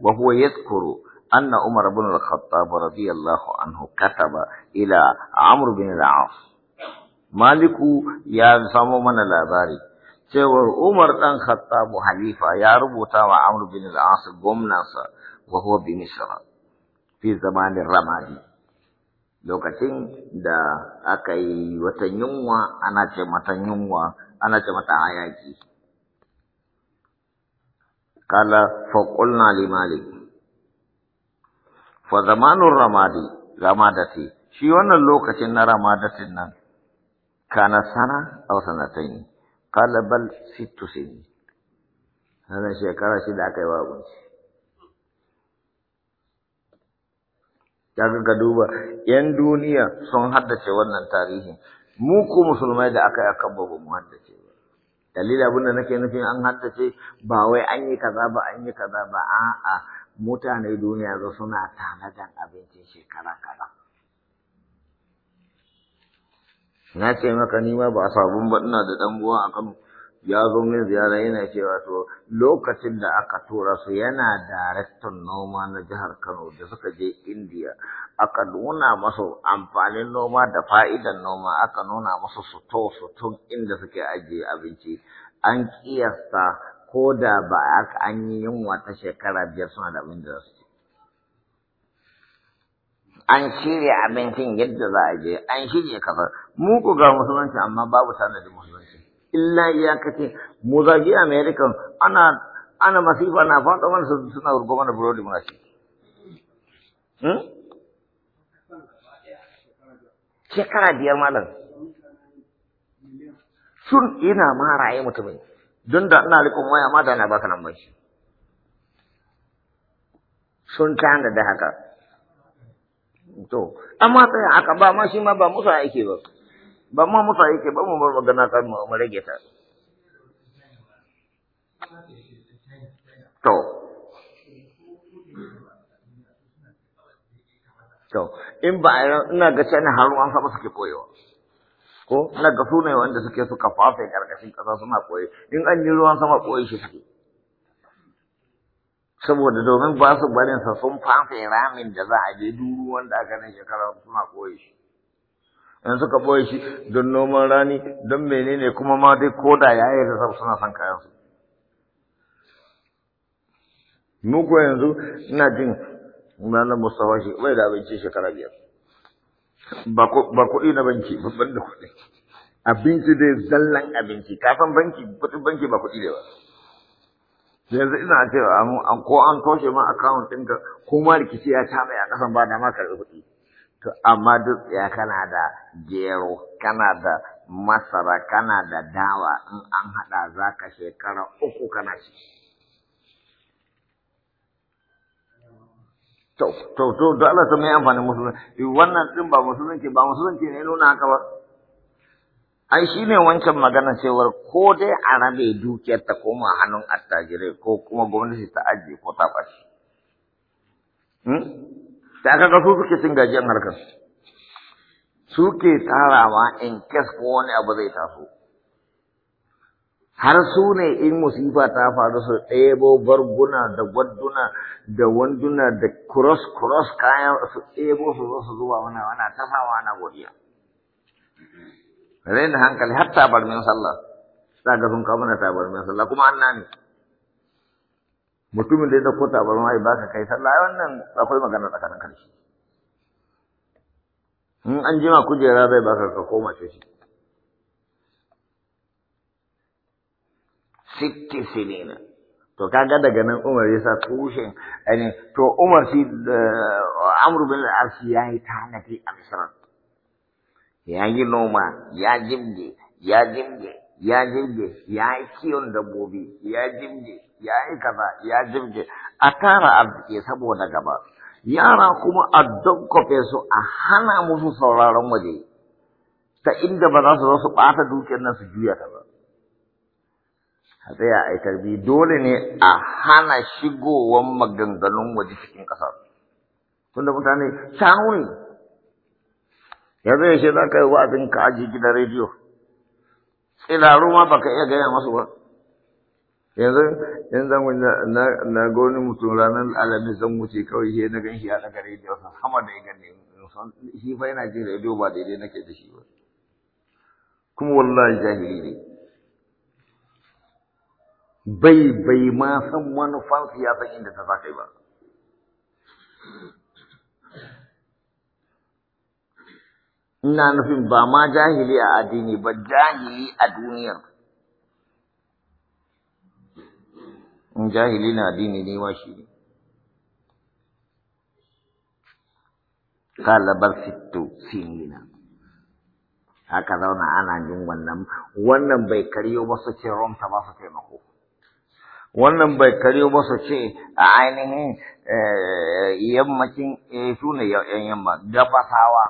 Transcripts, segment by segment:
وهو يذكر أن عمر بن الخطاب رضي الله عنه كتب إلى عمرو بن العاص مالك يا سامو من الأباري سيور عمر بن الخطاب حليفة يا ربوتا عمرو بن العاص قمناسا وهو بمصر في زمان الرمادي لوكتين دا أكاي وتنيوما أنا جمتنيوما أنا جمتا آياتي قال فقلنا لمالك فزمان الرمادي رمادتي شي wannan lokacin na ramadatin nan kana sana aw sanatain بل bal سنين هذا shekara shi da aka yi wa gunci kaga ka duba yan duniya sun haddace wannan tarihi mu ko musulmai da aka yi akan babu mu haddace dalilin abin da nake nufin an haddace ba wai an yi kaza ba an yi kaza ba a'a mutane duniya yanzu suna tanadan abincin shekara kaza na ce maka ni ma ba sabon ba ina da dan buwa a Kano ya zo min ziyara yana cewa to lokacin da aka tura su yana daraktan noma na jihar Kano da suka je India aka nuna masu amfanin noma da fa'idan noma aka nuna masu suto sutun inda suke ajiye abinci an kiyasta ko da ba an yi yunwa ta shekara biyar suna da abin da su ci an shirya abincin yadda za a je an shirya kafar mu ku ga musulunci amma babu tanadin musulunci illa iyakace mu zagi american ana ana masifa na faɗo mana suna urgo mana burodi muna ci shekara biyar malam sun ina ma raye mutumin don da ina rikon waya ma da na baka nan mai sun tana da haka to amma tsaya aka ba ma shi ma ba musu yake ba ba ma musa yake ba mu bar magana kan mu rage ta to to in ba ina ga can har an saba suke koyewa ko na ga sune wanda suke suka fafe karkashin kasa suna koyi in an yi ruwan sama koyi shi suke saboda domin ba su barin sa sun fafe ramin da za a je duru wanda aka ne shekara suna koyi shi in suka ɓoye shi don noman rani don menene kuma ma dai ko da ya yi rasar suna son kayan su mu ko yanzu ina jin mana mustafa shi bai da abinci shekara biyar ba kuɗi na banki babban da kuɗi abinci dai zallan abinci kafin banki kuɗin banki ba kuɗi da ba yanzu ina cewa ko an toshe ma akawun ɗinka ko ma rikici ya ta mai a ƙasan ba da ma karɓi kuɗi To amma duk ya kana da gero, kana da masara, kana da dawa in an haɗa za ka shekara uku kana ci. To, to, to, da Allah ta mai amfani musulunci, wannan ɗin ba musulunci ba musulunci ne nuna haka ba. Ai shi ne wancan magana cewar ko dai a rabe dukiyar ta koma hannun attajirai ko kuma gwamnati ta ajiye ko ta ɓaci. da aka ga su suke cin gajiyan harkar suke tsarawa in kes ko wani abu zai taso har su ne in musifa ta faru su ɗebo barguna da gwadduna da wanduna da cross-cross kayan su ɗebo su zo su zuwa mana wana tasawa na godiya. Rain hankali har min sallah, za ga sun kawo mana tabarmin sallah kuma an ne. mutumin da ya dauko tabarma ya baka kai sallah wannan akwai magana tsakanin karshe in an jima kujera zai baka ka koma shi sitti sinina to kaga daga nan Umar yasa sa tushen ani to Umar shi eh, amru bin al-As ya yi tanadi a ya yi noma ya jimge, ya jimge, ya jimge, ya yi kiyon dabbobi ya jimge. ya yi kaza ya jirge a tara arziki saboda gaba yara kuma a dokkofe su a hana musu sauraron waje ta inda ba za su zo su ɓata dukiyar nan juya ta ba a tsaya a dole ne a hana shigowar maganganun waje cikin ƙasar tunda mutane shanu ne yanzu yaushe za ka yi wa'azin ka aji gidan rediyo tsiraru ma baka iya gaya masu ba yanzu in zan wuce na goni mutum ranar alamin zan wuce kawai sai na ganshi a daga rediyo wasu sama da ya gane shi fa yana jin rediyo ba daidai nake da shi ba kuma wallahi jahili ne bai bai ma san manufan san inda ta sa kai ba ina nufin ba ma jahili a addini ba jahili a duniyar in jahili na addini ne wa shi ne kalabar fito sinina haka zauna ana jin wannan wannan bai karyo ba su ce romta ba su taimako wannan bai karyo ba su ce a ainihin eh, yammacin eh, su ne yan yamma gabasawa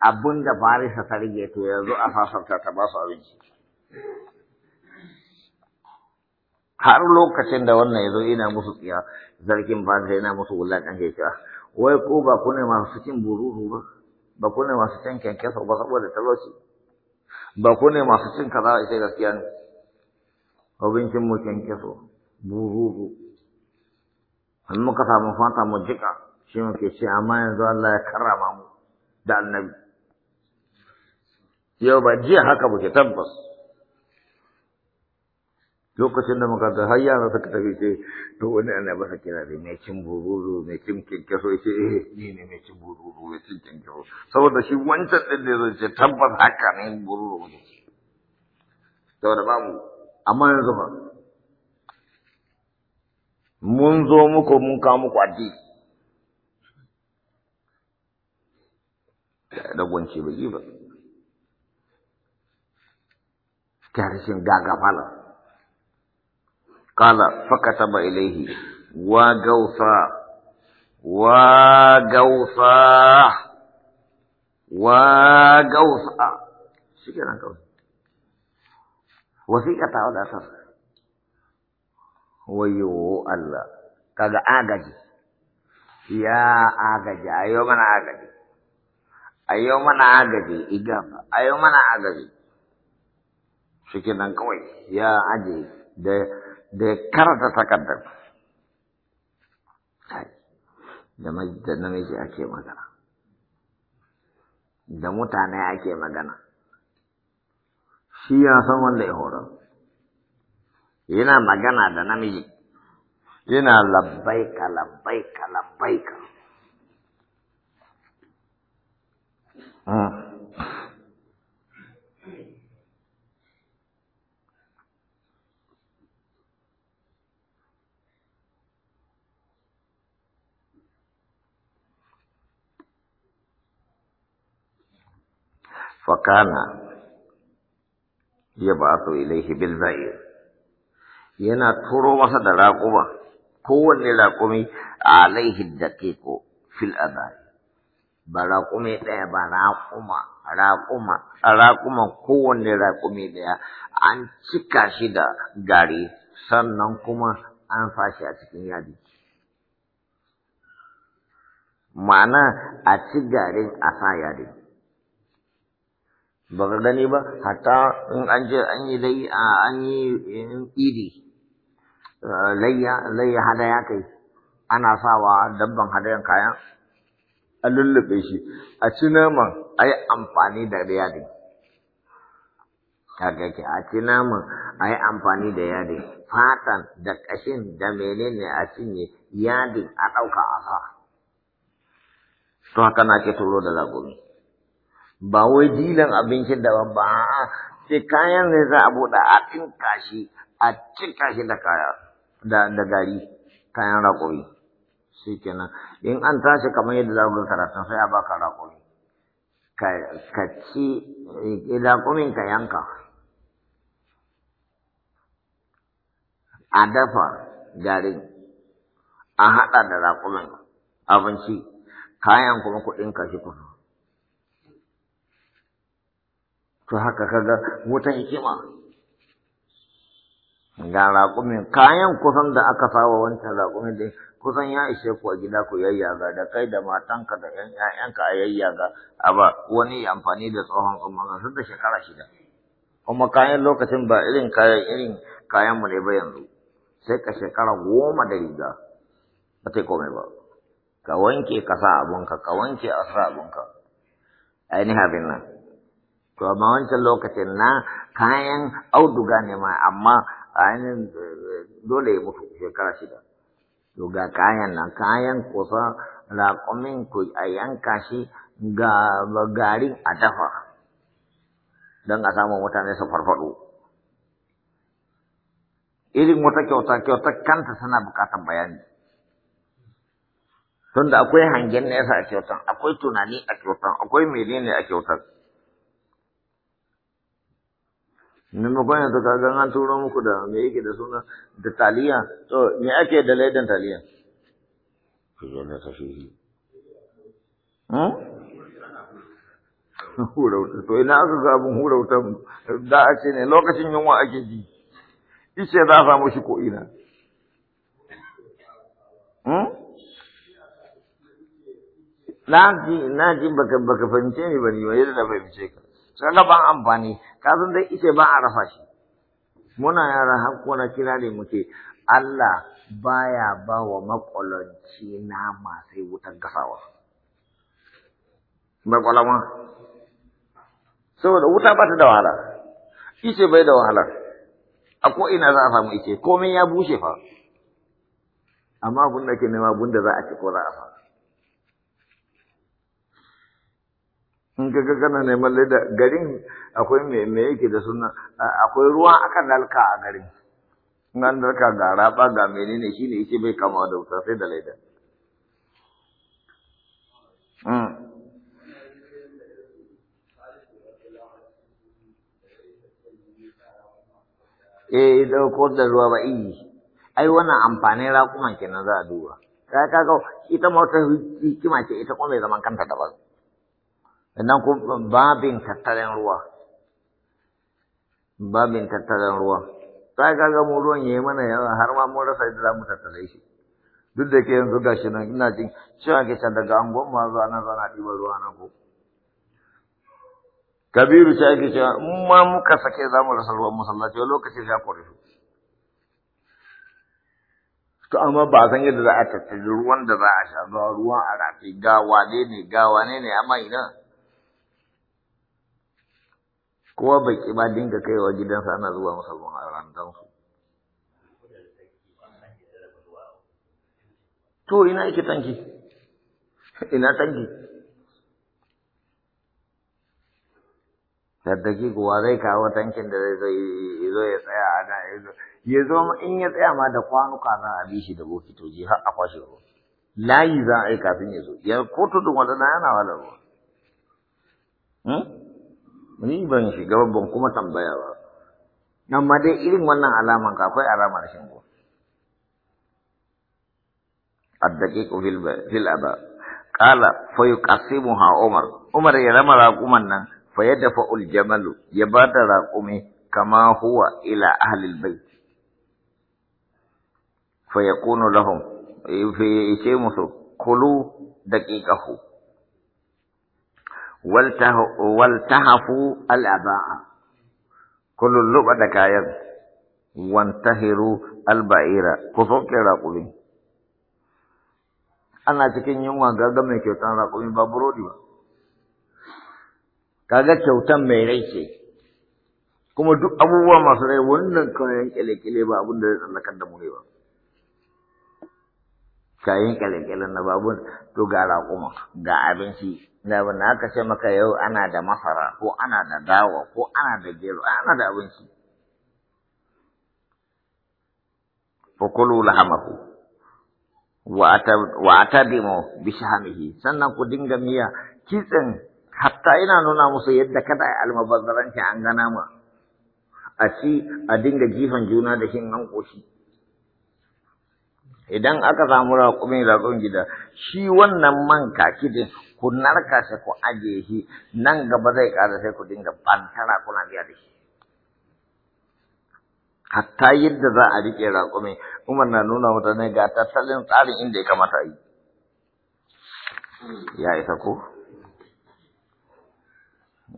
abinda farisa ta rige to yanzu a fasarta ta ba su abinci har lokacin da wannan ya zo ina musu tsiya zargin ba zai yana musu wulaƙan ke cewa ah, wai ko ba ku ne masu cin bururu ba ba ku ne masu cin kyankyasa ba saboda talauci ba ku ne masu cin kaza ita gaskiya ne abincin mu kyankyaso bururu an muka samu fata mu jika shi muke ce amma yanzu Allah ya karrama mu da annabi yau ba jiya haka muke tabbas lokacin da makarantar ta har yara suka tafi ce to wani ana masa kira da mai cin bururu mai cin kyankyaso ce eh ni ne mai cin bururu mai cin kyankyaso saboda shi wancan din da zai ce tabbas haka ne bururu ne saboda babu amma yanzu ba mun zo muku mun kawo muku addi da gwance ba ba kyarishin gagafalar قال فكتب إليه وجوفا وجوفا وجوفا شكرا كوي وثيقة تعود أساس ويو الله كذا آجي يا آجي أيو من آجي أيو من آجي إجابة أيو من آجي شكرا كوي يا أجي ده de karanta takardar da namiji ake magana da mutane ake magana shi ya san wanda ya horar yana magana da namiji yana labbaika labbaika labbaika hmm. وكان يبعث إليه بالبعير ينا تورو مسد راقبة كون راقمي عليه الدقيق في الأداء baraƙume ɗaya ba raƙuma raƙuma raƙuma kowanne raƙume ɗaya an cika shi da gari sannan kuma an fashi a cikin yadi ma'ana a ci garin a sa yadi. ba ka gani ba hatta in an je an yi dai an yi eh, idi eh, layya layya hadaya kai ana sawa dabban hadayan kayan a lullube shi a ci naman a amfani da yadi kaga ke a ci naman a amfani da yadi fatan da ƙashin da menene a cinye yadi a ɗauka a sa to haka na ke turo da lagomi ba wai dilan abincin da ba sai kayan ne za a buɗe a tinka shi a cika shi da kaya da da gari kayan raƙumi. shi kenan in an tashi kamar yadda za ga karatun sai a baka raƙuri ka ci eh, raƙumin ka yanka a dafa garin a haɗa da raƙumin abinci kayan kuma kuɗin kashi kusa to haka kaga wata hikima ga raƙumin kayan kusan da aka sawa wancan raƙumin din kusan ya ishe ku a gida ku yayyaga da kai da matanka da ƴan ƴaƴanka a yayyaga a ba wani amfani da tsohon tsammanin sun da shekara shida kuma kayan lokacin ba irin kayan irin kayan mu ne ba yanzu sai ka shekara goma da riga ba ta komai ba ka wanke ka sa abunka ka wanke a sa abunka ainihin abin nan To amma wancan lokacin na kayan auduga ne ma amma ainihin dole ya mutu shekara shida. To ga kayan nan kayan kusa raƙumin ku a yanka shi ga garin a dafa don a samu mutane su farfado Irin wata kyauta kyauta kanta tana bukatar bayani. Tunda akwai hangen nesa a kyautan, akwai tunani a kyautan, akwai menene a kyautan. maimakon yanzu ka ga an turo muku da me yake da suna da taliya to me ake da laidan taliya ku zo na tafi hura wuta to ina aka ga abin hura wuta da a ce ne lokacin yunwa ake ji ice za a samu shi ko ina na ji na ji baka baka fahimce ni bane ba yadda na fahimce ka kaga ban amfani ka san dai ice ba a rafa shi muna yara ko na kira ne muke Allah baya ba wa makwalanci nama sai wutar gasawa makwalama saboda wuta ba ta da wahala ice bai da wahala a ko ina za a samu ice komai ya bushe fa amma abun da ke nema abun da za a ci ko za a samu in ka ga kana neman leda garin akwai me me yake da suna akwai ruwa akan nalka a garin nan an dalka ga raba ga menene shine yake bai kama da wuta sai da leda hmm. eh ko da ruwa ba yi eh. ai wannan ra kuma kenan za a duba ka kaga ita ma wata hikima ce ita kuma mai zaman kanta ba sannan ko babin tattalin ruwa babin tattalin ruwa ta kaga mu ruwan yayi mana yawa har ma mun rasa yadda zamu tattale shi duk da ke yanzu gashi nan ina jin cewa ke can daga angon ma zuwa nan zana ɗiba ruwa nan ko kabiru ce ake cewa in ma muka sake za mu rasa ruwan masallaci wani lokaci ya kore su to amma ba san yadda za a tattali ruwan da za a sha ga ruwan a rafi ga wane ne ga wane ne amma idan kowa bai ƙi ba dinga kaiwa gidansa ana zuwa masa ruwan su. To ina yake tanki? Ina tanki? ki kuwa zai kawo tankin da zai zo ya tsaya a ana ya zo in ya tsaya ma da kwanuka za a bi shi da bokitoji har a kwashe ruwa. Layi za a yi kafin ya zo, ya ko tudun wadana yana wala ruwa. Hmm? ni ban shiga babban kuma tambaya ba nan ma dai irin wannan alaman ka akwai alamar shingo addaqiq fil ba fil aba qala fa umar umar ya rama raquman nan fa yadafa ul jamal ya bada raqumi kama huwa ila ahli al bayt fa yakunu lahum eh, musu, yashimu kulu daqiqahu waltahafu al'aba'a, kullum luɓa da kayan, wantahiru alba'ira, ku sauke raƙumi. Ana cikin yunwa gaga mai kyautan raƙumi ba burodi ba. Kaga kyautan mai rai ce, kuma duk abubuwa masu rai wannan kayan kyale-kyale ba abin da zai tsallakar da mu ba. Kayan kyale-kyalen na babun to ga raƙuma, ga abinci, da wanda aka ce maka yau ana da masara ko ana da dawa ko ana da gero ana da abinci fukulu lahamahu wa atadimu bi sannan ku dinga miya kitsin hatta ina nuna musu yadda kada ai almabazzaranci an gana ma a ci a dinga jifan juna da shin an koshi idan aka samu raƙumin raƙon gida shi wannan man kaki din ku narka shi ku ajiye shi nan gaba zai ƙara sai ku dinga bantara kuna biya da shi hatta yadda za a riƙe raƙumin umar na nuna mutane ga tattalin tsarin inda ya kamata yi ya isa ko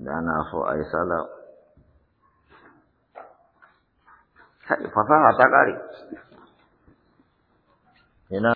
da na so a yi sala fasaha ta ƙare You know,